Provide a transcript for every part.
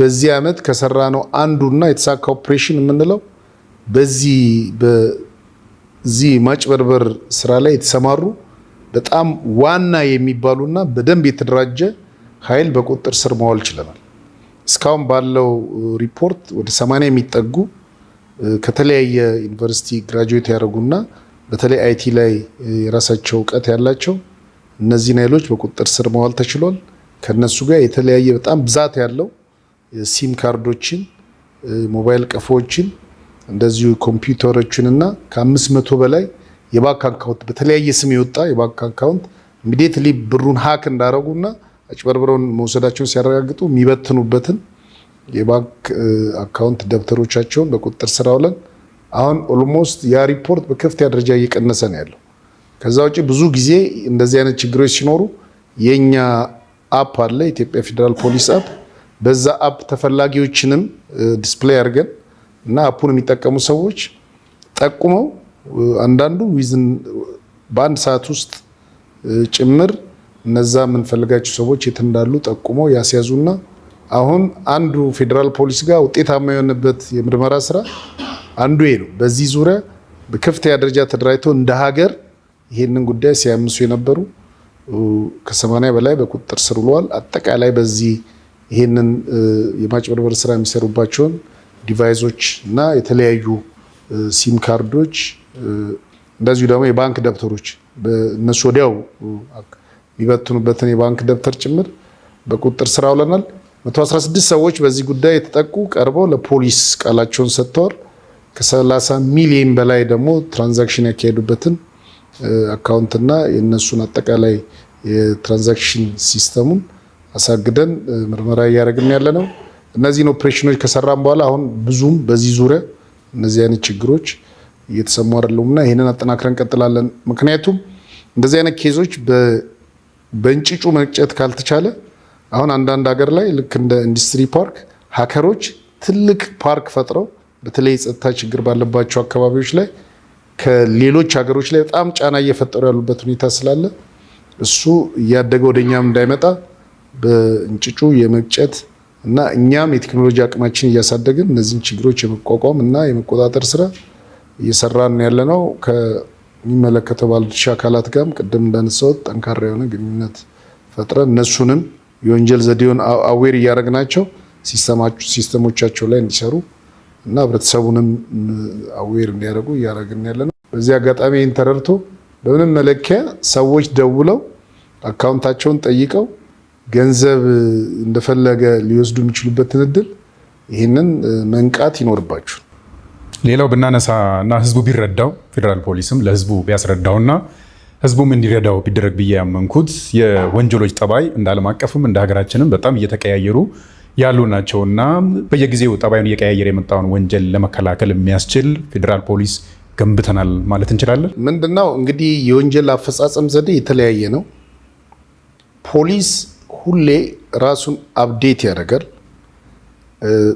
በዚህ ዓመት ከሰራ ነው አንዱና የተሳካ ኦፕሬሽን የምንለው በዚህ በዚህ ማጭበርበር ስራ ላይ የተሰማሩ በጣም ዋና የሚባሉና በደንብ የተደራጀ ኃይል በቁጥጥር ስር መዋል ችለናል። እስካሁን ባለው ሪፖርት ወደ 80 የሚጠጉ ከተለያየ ዩኒቨርሲቲ ግራጁዌት ያደረጉና በተለይ አይቲ ላይ የራሳቸው እውቀት ያላቸው እነዚህን ኃይሎች በቁጥጥር ስር መዋል ተችሏል። ከነሱ ጋር የተለያየ በጣም ብዛት ያለው ሲም ካርዶችን፣ ሞባይል ቀፎዎችን፣ እንደዚሁ ኮምፒውተሮችን እና ከአምስት መቶ በላይ የባንክ አካውንት በተለያየ ስም የወጣ የባንክ አካውንት ኢሚዲየትሊ ብሩን ሀክ እና አጭበርብረውን መውሰዳቸውን ሲያረጋግጡ የሚበትኑበትን የባንክ አካውንት ደብተሮቻቸውን በቁጥጥር ስር አውለን አሁን ኦልሞስት ያ ሪፖርት በከፍተኛ ደረጃ እየቀነሰ ነው ያለው። ከዛ ውጭ ብዙ ጊዜ እንደዚህ አይነት ችግሮች ሲኖሩ የእኛ አፕ አለ፣ የኢትዮጵያ ፌዴራል ፖሊስ አፕ በዛ አፕ ተፈላጊዎችንም ዲስፕሌይ አድርገን እና አፑን የሚጠቀሙ ሰዎች ጠቁመው አንዳንዱ ዊዝን በአንድ ሰዓት ውስጥ ጭምር እነዛ የምንፈልጋቸው ሰዎች የት እንዳሉ ጠቁመው ያስያዙና አሁን አንዱ ፌዴራል ፖሊስ ጋር ውጤታማ የሆነበት የምርመራ ስራ አንዱ ይሄ ነው። በዚህ ዙሪያ በከፍተኛ ደረጃ ተደራጅቶ እንደ ሀገር ይሄንን ጉዳይ ሲያምሱ የነበሩ ከሰማንያ በላይ በቁጥጥር ስር ውለዋል። አጠቃላይ በዚህ ይህንን የማጭበርበር ስራ የሚሰሩባቸውን ዲቫይሶች እና የተለያዩ ሲም ካርዶች እንደዚሁ ደግሞ የባንክ ደብተሮች እነሱ ወዲያው የሚበትኑበትን የባንክ ደብተር ጭምር በቁጥጥር ስር አውለናል። 116 ሰዎች በዚህ ጉዳይ የተጠቁ ቀርበው ለፖሊስ ቃላቸውን ሰጥተዋል። ከ30 ሚሊዮን በላይ ደግሞ ትራንዛክሽን ያካሄዱበትን አካውንትና የእነሱን አጠቃላይ የትራንዛክሽን ሲስተሙን አሳግደን ምርመራ እያደረግን ያለ ነው። እነዚህን ኦፕሬሽኖች ከሰራም በኋላ አሁን ብዙም በዚህ ዙሪያ እነዚህ አይነት ችግሮች እየተሰሙ አይደሉም እና ይህንን አጠናክረን እንቀጥላለን። ምክንያቱም እንደዚህ አይነት ኬዞች በእንጭጩ መቅጨት ካልተቻለ አሁን አንዳንድ ሀገር ላይ ልክ እንደ ኢንዱስትሪ ፓርክ ሀከሮች ትልቅ ፓርክ ፈጥረው በተለይ የጸጥታ ችግር ባለባቸው አካባቢዎች ላይ ከሌሎች ሀገሮች ላይ በጣም ጫና እየፈጠሩ ያሉበት ሁኔታ ስላለ እሱ እያደገ ወደኛም እንዳይመጣ በእንጭጩ የመግጨት እና እኛም የቴክኖሎጂ አቅማችን እያሳደግን እነዚህን ችግሮች የመቋቋም እና የመቆጣጠር ስራ እየሰራን ያለ ነው። ከሚመለከተው ባለድርሻ አካላት ጋርም ቅድም እንዳነሳሁት ጠንካራ የሆነ ግንኙነት ፈጥረን እነሱንም የወንጀል ዘዴውን አዌር እያደረግናቸው ሲስተሞቻቸው ላይ እንዲሰሩ እና ህብረተሰቡንም አዌር እንዲያደርጉ እያደረግን ያለ ነው። በዚህ አጋጣሚ ይህን ተረድቶ በምንም መለኪያ ሰዎች ደውለው አካውንታቸውን ጠይቀው ገንዘብ እንደፈለገ ሊወስዱ የሚችሉበትን እድል ይህንን መንቃት ይኖርባቸው። ሌላው ብናነሳ እና ህዝቡ ቢረዳው ፌዴራል ፖሊስም ለህዝቡ ቢያስረዳውና ህዝቡም እንዲረዳው ቢደረግ ብዬ ያመንኩት የወንጀሎች ጠባይ እንደ ዓለም አቀፍም እንደ ሀገራችንም በጣም እየተቀያየሩ ያሉ እና በየጊዜው ጠባዩን እየቀያየረ የመጣውን ወንጀል ለመከላከል የሚያስችል ፌዴራል ፖሊስ ገንብተናል ማለት እንችላለን። ምንድነው እንግዲህ የወንጀል አፈጻጸም ዘዴ የተለያየ ነው። ፖሊስ ሁሌ ራሱን አብዴት ያደርጋል።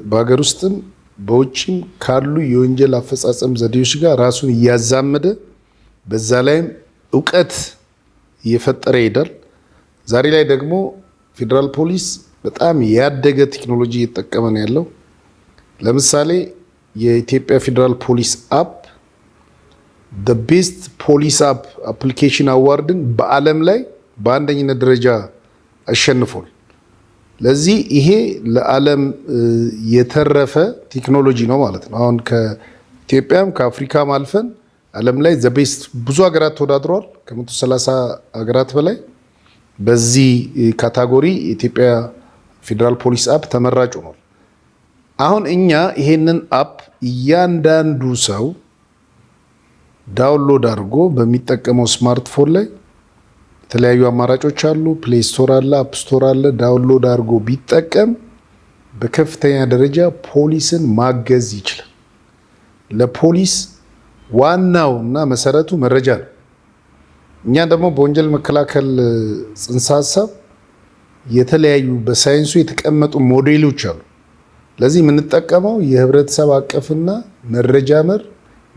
በሀገር ውስጥም በውጭም ካሉ የወንጀል አፈጻጸም ዘዴዎች ጋር ራሱን እያዛመደ በዛ ላይም እውቀት እየፈጠረ ይሄዳል። ዛሬ ላይ ደግሞ ፌዴራል ፖሊስ በጣም ያደገ ቴክኖሎጂ እየተጠቀመ ነው ያለው። ለምሳሌ የኢትዮጵያ ፌዴራል ፖሊስ አፕ ቤስት ፖሊስ አፕ አፕሊኬሽን አዋርድን በዓለም ላይ በአንደኝነት ደረጃ አሸንፏል። ለዚህ ይሄ ለዓለም የተረፈ ቴክኖሎጂ ነው ማለት ነው። አሁን ከኢትዮጵያም ከአፍሪካም አልፈን ዓለም ላይ ዘቤስት ብዙ ሀገራት ተወዳድረዋል። ከ130 ሀገራት በላይ በዚህ ካታጎሪ የኢትዮጵያ ፌዴራል ፖሊስ አፕ ተመራጭ ሆኗል። አሁን እኛ ይሄንን አፕ እያንዳንዱ ሰው ዳውንሎድ አድርጎ በሚጠቀመው ስማርትፎን ላይ የተለያዩ አማራጮች አሉ። ፕሌይ ስቶር አለ፣ አፕ ስቶር አለ። ዳውንሎድ አድርጎ ቢጠቀም በከፍተኛ ደረጃ ፖሊስን ማገዝ ይችላል። ለፖሊስ ዋናው እና መሰረቱ መረጃ ነው። እኛ ደግሞ በወንጀል መከላከል ጽንሰ ሀሳብ የተለያዩ በሳይንሱ የተቀመጡ ሞዴሎች አሉ። ለዚህ የምንጠቀመው የህብረተሰብ አቀፍና መረጃ መር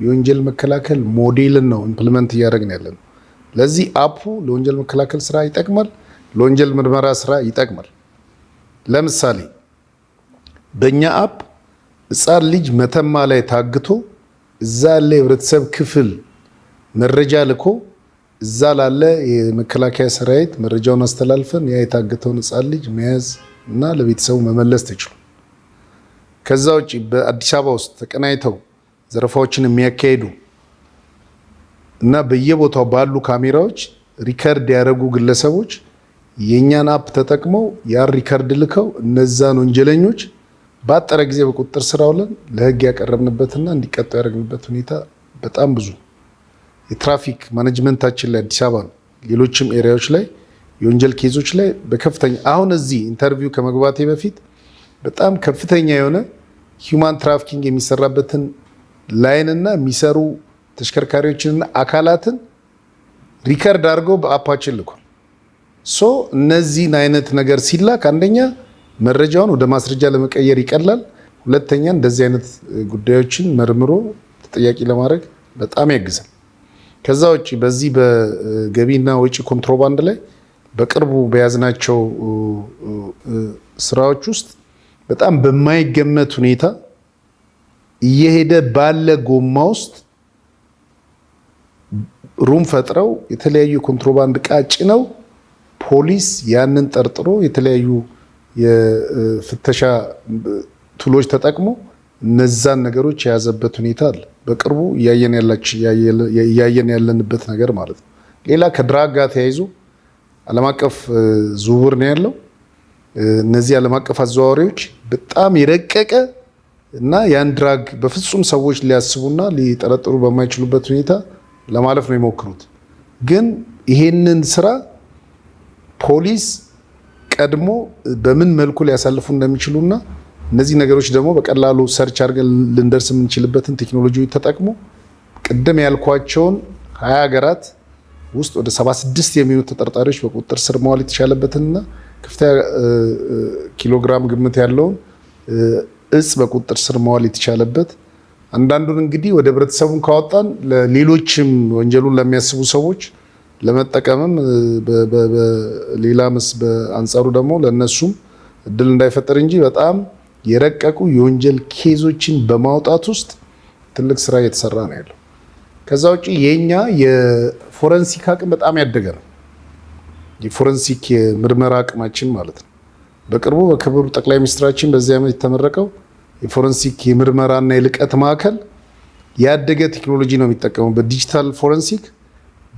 የወንጀል መከላከል ሞዴልን ነው ኢምፕልመንት እያደረግን ያለነው። ለዚህ አፑ ለወንጀል መከላከል ስራ ይጠቅማል፣ ለወንጀል ምርመራ ስራ ይጠቅማል። ለምሳሌ በእኛ አፕ ህፃን ልጅ መተማ ላይ ታግቶ እዛ ያለ የህብረተሰብ ክፍል መረጃ ልኮ እዛ ላለ የመከላከያ ሰራዊት መረጃውን አስተላልፈን ያ የታገተውን ህፃን ልጅ መያዝ እና ለቤተሰቡ መመለስ ተችሉ። ከዛ ውጭ በአዲስ አበባ ውስጥ ተቀናይተው ዘረፋዎችን የሚያካሂዱ እና በየቦታው ባሉ ካሜራዎች ሪከርድ ያደረጉ ግለሰቦች የእኛን አፕ ተጠቅመው ያን ሪከርድ ልከው እነዛን ወንጀለኞች በአጠረ ጊዜ በቁጥጥር ስር አውለን ለህግ ያቀረብንበትና እንዲቀጡ ያደረግንበት ሁኔታ በጣም ብዙ። የትራፊክ ማኔጅመንታችን ላይ አዲስ አበባ ነው፣ ሌሎችም ኤሪያዎች ላይ የወንጀል ኬዞች ላይ በከፍተኛ አሁን እዚህ ኢንተርቪው ከመግባቴ በፊት በጣም ከፍተኛ የሆነ ሂውማን ትራፊኪንግ የሚሰራበትን ላይንና የሚሰሩ ተሽከርካሪዎችንና አካላትን ሪከርድ አድርገው በአፓችን ልኳል። ሶ እነዚህን አይነት ነገር ሲላክ አንደኛ መረጃውን ወደ ማስረጃ ለመቀየር ይቀላል። ሁለተኛ እንደዚህ አይነት ጉዳዮችን መርምሮ ተጠያቂ ለማድረግ በጣም ያግዛል። ከዛ ውጭ በዚህ በገቢና ወጪ ኮንትሮባንድ ላይ በቅርቡ በያዝናቸው ስራዎች ውስጥ በጣም በማይገመት ሁኔታ እየሄደ ባለ ጎማ ውስጥ ሩም ፈጥረው የተለያዩ ኮንትሮባንድ ዕቃ ጭነው ፖሊስ ያንን ጠርጥሮ የተለያዩ የፍተሻ ቱሎች ተጠቅሞ እነዛን ነገሮች የያዘበት ሁኔታ አለ። በቅርቡ እያየን ያለንበት ነገር ማለት ነው። ሌላ ከድራግ ጋር ተያይዞ ዓለም አቀፍ ዝውውር ነው ያለው። እነዚህ ዓለም አቀፍ አዘዋዋሪዎች በጣም የረቀቀ እና ያን ድራግ በፍጹም ሰዎች ሊያስቡና ሊጠረጥሩ በማይችሉበት ሁኔታ ለማለፍ ነው የሞክሩት። ግን ይሄንን ስራ ፖሊስ ቀድሞ በምን መልኩ ሊያሳልፉ እንደሚችሉ እና እነዚህ ነገሮች ደግሞ በቀላሉ ሰርች አድርገን ልንደርስ የምንችልበትን ቴክኖሎጂ ተጠቅሞ ቅድም ያልኳቸውን ሀያ ሀገራት ውስጥ ወደ 76 የሚሆኑ ተጠርጣሪዎች በቁጥጥር ስር መዋል የተቻለበትንና ከፍተኛ ኪሎግራም ግምት ያለውን እጽ በቁጥጥር ስር መዋል የተቻለበት አንዳንዱን እንግዲህ ወደ ህብረተሰቡን ካወጣን ሌሎችም ወንጀሉን ለሚያስቡ ሰዎች ለመጠቀምም ሌላ ምስ በአንጻሩ ደግሞ ለእነሱም እድል እንዳይፈጠር እንጂ በጣም የረቀቁ የወንጀል ኬዞችን በማውጣት ውስጥ ትልቅ ስራ እየተሰራ ነው ያለው። ከዛ ውጭ የኛ የፎረንሲክ አቅም በጣም ያደገ ነው። የፎረንሲክ የምርመራ አቅማችን ማለት ነው። በቅርቡ በክቡር ጠቅላይ ሚኒስትራችን በዚህ ዓመት የተመረቀው የፎረንሲክ የምርመራና የልቀት ማዕከል ያደገ ቴክኖሎጂ ነው የሚጠቀሙበት በዲጂታል ፎረንሲክ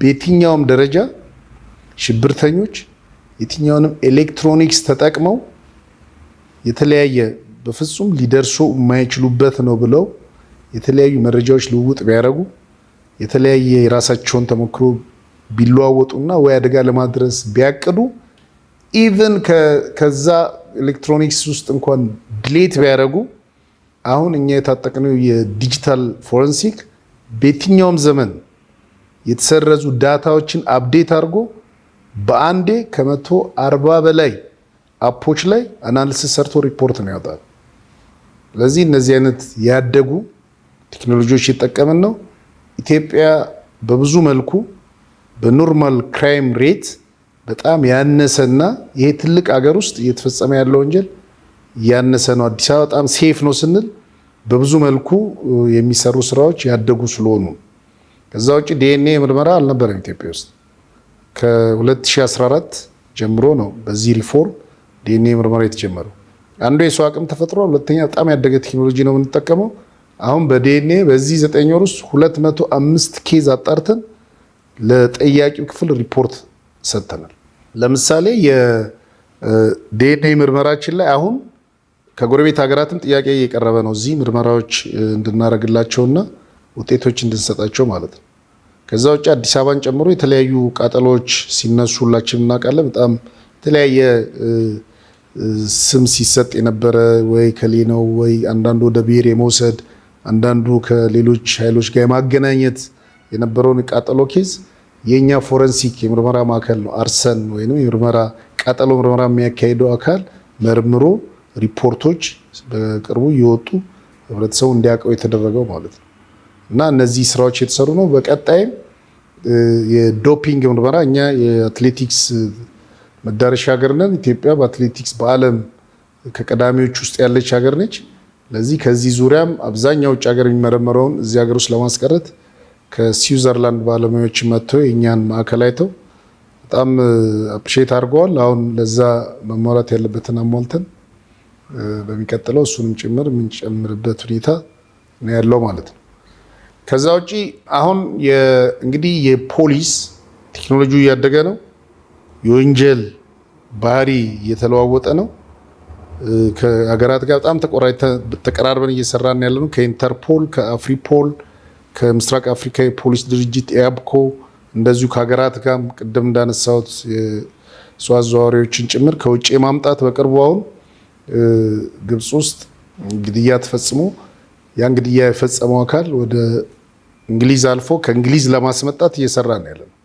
በየትኛውም ደረጃ ሽብርተኞች የትኛውንም ኤሌክትሮኒክስ ተጠቅመው የተለያየ በፍጹም ሊደርሱ የማይችሉበት ነው ብለው የተለያዩ መረጃዎች ልውውጥ ቢያደርጉ የተለያየ የራሳቸውን ተሞክሮ ቢለዋወጡና ወይ አደጋ ለማድረስ ቢያቅዱ ኢቨን ከዛ ኤሌክትሮኒክስ ውስጥ እንኳን ድሌት ቢያደርጉ አሁን እኛ የታጠቅነው የዲጂታል ፎረንሲክ በየትኛውም ዘመን የተሰረዙ ዳታዎችን አፕዴት አድርጎ በአንዴ ከመቶ አርባ በላይ አፖች ላይ አናሊሲስ ሰርቶ ሪፖርት ነው ያወጣል። ስለዚህ እነዚህ አይነት ያደጉ ቴክኖሎጂዎች የጠቀምን ነው። ኢትዮጵያ በብዙ መልኩ በኖርማል ክራይም ሬት በጣም ያነሰና ይሄ ትልቅ አገር ውስጥ እየተፈጸመ ያለው ወንጀል ያነሰ ነው። አዲስ አበባ በጣም ሴፍ ነው ስንል በብዙ መልኩ የሚሰሩ ስራዎች ያደጉ ስለሆኑ ከዛ ውጭ ዲኤንኤ ምርመራ አልነበረም ኢትዮጵያ ውስጥ ከ2014 ጀምሮ ነው በዚህ ሪፎርም ዲኤንኤ ምርመራ የተጀመረው። አንዱ የሰው አቅም ተፈጥሮ፣ ሁለተኛ በጣም ያደገ ቴክኖሎጂ ነው የምንጠቀመው። አሁን በዲኤንኤ በዚህ ዘጠኝ ወር ውስጥ 205 ኬዝ አጣርተን ለጠያቂው ክፍል ሪፖርት ሰጥተናል። ለምሳሌ የዲኤንኤ ምርመራችን ላይ አሁን ከጎረቤት ሀገራትም ጥያቄ እየቀረበ ነው። እዚህ ምርመራዎች እንድናደርግላቸውና ውጤቶች እንድንሰጣቸው ማለት ነው። ከዛ ውጭ አዲስ አበባን ጨምሮ የተለያዩ ቃጠሎዎች ሲነሱ እናውቃለን። በጣም የተለያየ ስም ሲሰጥ የነበረ ወይ ከሌ ነው ወይ አንዳንዱ ወደ ብሔር የመውሰድ አንዳንዱ ከሌሎች ኃይሎች ጋር የማገናኘት የነበረውን ቃጠሎ ኬዝ የእኛ ፎረንሲክ የምርመራ ማዕከል ነው አርሰን ወይም የምርመራ ቃጠሎ ምርመራ የሚያካሄደው አካል መርምሮ ሪፖርቶች በቅርቡ እየወጡ ህብረተሰቡ እንዲያውቀው የተደረገው ማለት ነው እና እነዚህ ስራዎች የተሰሩ ነው። በቀጣይም የዶፒንግ ምርመራ እኛ የአትሌቲክስ መዳረሻ ሀገር ነን። ኢትዮጵያ በአትሌቲክስ በዓለም ከቀዳሚዎች ውስጥ ያለች ሀገር ነች። ለዚህ ከዚህ ዙሪያም አብዛኛው ውጭ ሀገር የሚመረመረውን እዚህ ሀገር ውስጥ ለማስቀረት ከስዊዘርላንድ ባለሙያዎች መጥተው የእኛን ማዕከል አይተው በጣም አፕሪሼት አድርገዋል። አሁን ለዛ መሟላት ያለበትን አሟልተን በሚቀጥለው እሱንም ጭምር የምንጨምርበት ሁኔታ ነው ያለው ማለት ነው። ከዛ ውጪ አሁን እንግዲህ የፖሊስ ቴክኖሎጂ እያደገ ነው። የወንጀል ባህሪ እየተለዋወጠ ነው። ከሀገራት ጋር በጣም ተቀራርበን እየሰራን ያለ ነው። ከኢንተርፖል፣ ከአፍሪፖል፣ ከምስራቅ አፍሪካ የፖሊስ ድርጅት ኤአብኮ እንደዚሁ ከሀገራት ጋር ቅድም እንዳነሳሁት ሰው አዘዋዋሪዎችን ጭምር ከውጭ የማምጣት በቅርቡ አሁን ግብፅ ውስጥ ግድያ ተፈጽሞ ያን ግድያ የፈጸመው አካል ወደ እንግሊዝ አልፎ ከእንግሊዝ ለማስመጣት እየሰራ ነው ያለ ነው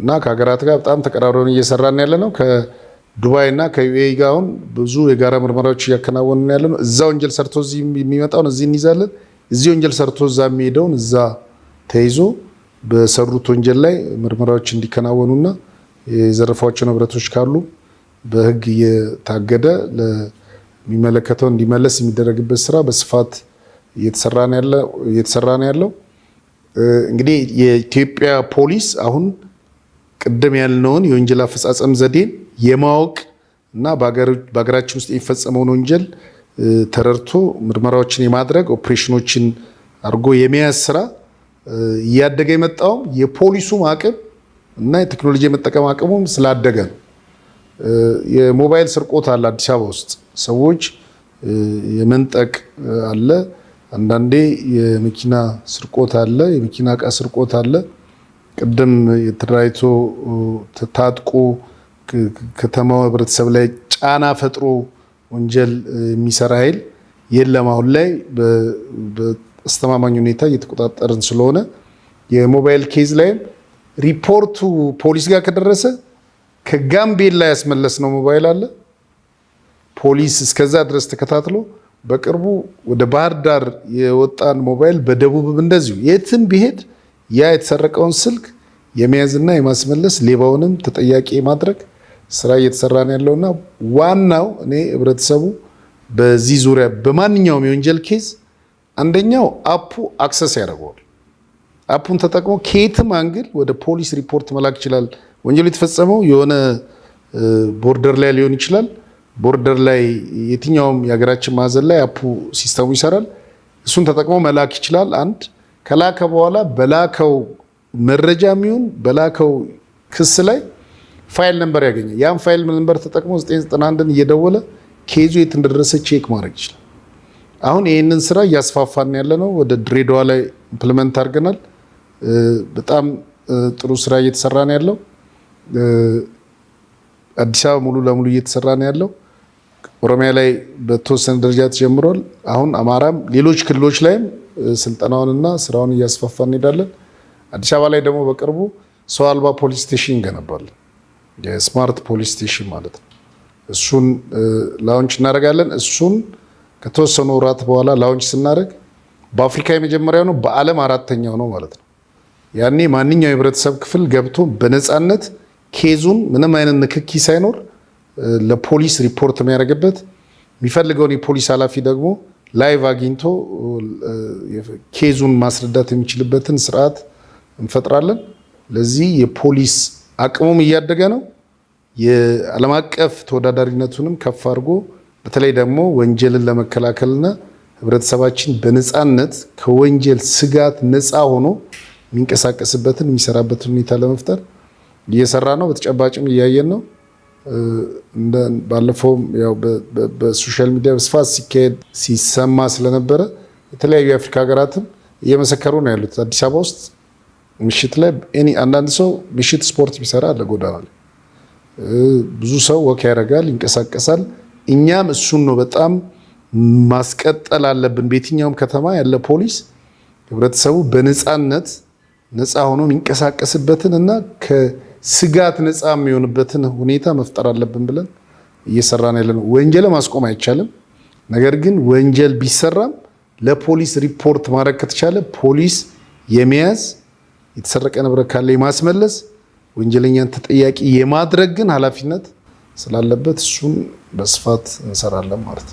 እና ከሀገራት ጋር በጣም ተቀራርበን እየሰራ ነው ያለ ነው። ከዱባይ እና ከዩኤኢ ጋር አሁን ብዙ የጋራ ምርመራዎች እያከናወን ያለ ነው። እዛ ወንጀል ሰርቶ እዚህ የሚመጣውን እዚህ እንይዛለን፣ እዚህ ወንጀል ሰርቶ እዛ የሚሄደውን እዛ ተይዞ በሰሩት ወንጀል ላይ ምርመራዎች እንዲከናወኑና የዘረፏቸው ንብረቶች ካሉ በህግ እየታገደ የሚመለከተው እንዲመለስ የሚደረግበት ስራ በስፋት እየተሰራ ነው ያለው። እንግዲህ የኢትዮጵያ ፖሊስ አሁን ቅድም ያልነውን የወንጀል አፈጻጸም ዘዴን የማወቅ እና በሀገራችን ውስጥ የሚፈጸመውን ወንጀል ተረድቶ ምርመራዎችን የማድረግ ኦፕሬሽኖችን አድርጎ የመያዝ ስራ እያደገ የመጣውም የፖሊሱም አቅም እና የቴክኖሎጂ የመጠቀም አቅሙም ስላደገ ነው። የሞባይል ስርቆት አለ አዲስ አበባ ውስጥ ሰዎች የመንጠቅ አለ፣ አንዳንዴ የመኪና ስርቆት አለ፣ የመኪና እቃ ስርቆት አለ። ቅድም የተደራጅቶ ታጥቆ ከተማው ህብረተሰብ ላይ ጫና ፈጥሮ ወንጀል የሚሰራ ኃይል የለም። አሁን ላይ በአስተማማኝ ሁኔታ እየተቆጣጠርን ስለሆነ የሞባይል ኬዝ ላይም ሪፖርቱ ፖሊስ ጋር ከደረሰ ከጋምቤላ ያስመለስ ነው ሞባይል አለ ፖሊስ እስከዛ ድረስ ተከታትሎ በቅርቡ ወደ ባህር ዳር የወጣን ሞባይል በደቡብም እንደዚሁ የትም ቢሄድ ያ የተሰረቀውን ስልክ የመያዝና የማስመለስ ሌባውንም ተጠያቂ የማድረግ ስራ እየተሰራ ነው ያለውና ዋናው እኔ ህብረተሰቡ በዚህ ዙሪያ በማንኛውም የወንጀል ኬዝ አንደኛው አፑ አክሰስ ያደርገዋል። አፑን ተጠቅሞ ከየትም አንግል ወደ ፖሊስ ሪፖርት መላክ ይችላል። ወንጀሉ የተፈጸመው የሆነ ቦርደር ላይ ሊሆን ይችላል። ቦርደር ላይ የትኛውም የሀገራችን ማዕዘን ላይ አፑ ሲስተሙ ይሰራል። እሱን ተጠቅሞ መላክ ይችላል። አንድ ከላከ በኋላ በላከው መረጃ የሚሆን በላከው ክስ ላይ ፋይል ነንበር ያገኛል። ያን ፋይል ነንበር ተጠቅሞ 991ን እየደወለ ኬዙ የት እንደደረሰ ቼክ ማድረግ ይችላል። አሁን ይህንን ስራ እያስፋፋን ያለ ነው። ወደ ድሬዳዋ ላይ ኢምፕልመንት አድርገናል። በጣም ጥሩ ስራ እየተሰራ ነው ያለው። አዲስ አበባ ሙሉ ለሙሉ እየተሰራ ነው ያለው። ኦሮሚያ ላይ በተወሰነ ደረጃ ተጀምሯል። አሁን አማራም ሌሎች ክልሎች ላይም ስልጠናውንና ስራውን እያስፋፋ እንሄዳለን። አዲስ አበባ ላይ ደግሞ በቅርቡ ሰው አልባ ፖሊስ ስቴሽን ይገነባል። የስማርት ፖሊስ ስቴሽን ማለት ነው። እሱን ላውንች እናደርጋለን። እሱን ከተወሰኑ ወራት በኋላ ላውንች ስናደርግ በአፍሪካ የመጀመሪያው ነው፣ በዓለም አራተኛው ነው ማለት ነው። ያኔ ማንኛው የህብረተሰብ ክፍል ገብቶ በነፃነት ኬዙን ምንም አይነት ንክኪ ሳይኖር ለፖሊስ ሪፖርት የሚያደርግበት የሚፈልገውን የፖሊስ ኃላፊ ደግሞ ላይቭ አግኝቶ ኬዙን ማስረዳት የሚችልበትን ስርዓት እንፈጥራለን። ለዚህ የፖሊስ አቅሙም እያደገ ነው። የዓለም አቀፍ ተወዳዳሪነቱንም ከፍ አድርጎ በተለይ ደግሞ ወንጀልን ለመከላከልና ህብረተሰባችን በነፃነት ከወንጀል ስጋት ነፃ ሆኖ የሚንቀሳቀስበትን የሚሰራበትን ሁኔታ ለመፍጠር እየሰራ ነው። በተጨባጭም እያየን ነው። ባለፈውም ያው በሶሻል ሚዲያ በስፋት ሲካሄድ ሲሰማ ስለነበረ የተለያዩ የአፍሪካ ሀገራትም እየመሰከሩ ነው ያሉት። አዲስ አበባ ውስጥ ምሽት ላይ አንዳንድ ሰው ምሽት ስፖርት ቢሰራ አለ ጎዳና ላይ ብዙ ሰው ወክ ያደርጋል፣ ይንቀሳቀሳል። እኛም እሱን ነው በጣም ማስቀጠል አለብን። በየትኛውም ከተማ ያለ ፖሊስ ህብረተሰቡ በነፃነት ነፃ ሆኖ የሚንቀሳቀስበትን እና ስጋት ነፃ የሚሆንበትን ሁኔታ መፍጠር አለብን ብለን እየሰራን ያለ ነው። ወንጀል ማስቆም አይቻልም። ነገር ግን ወንጀል ቢሰራም ለፖሊስ ሪፖርት ማድረግ ከተቻለ ፖሊስ የመያዝ የተሰረቀ ንብረት ካለ የማስመለስ ወንጀለኛን ተጠያቂ የማድረግ ግን ኃላፊነት ስላለበት እሱን በስፋት እንሰራለን ማለት ነው።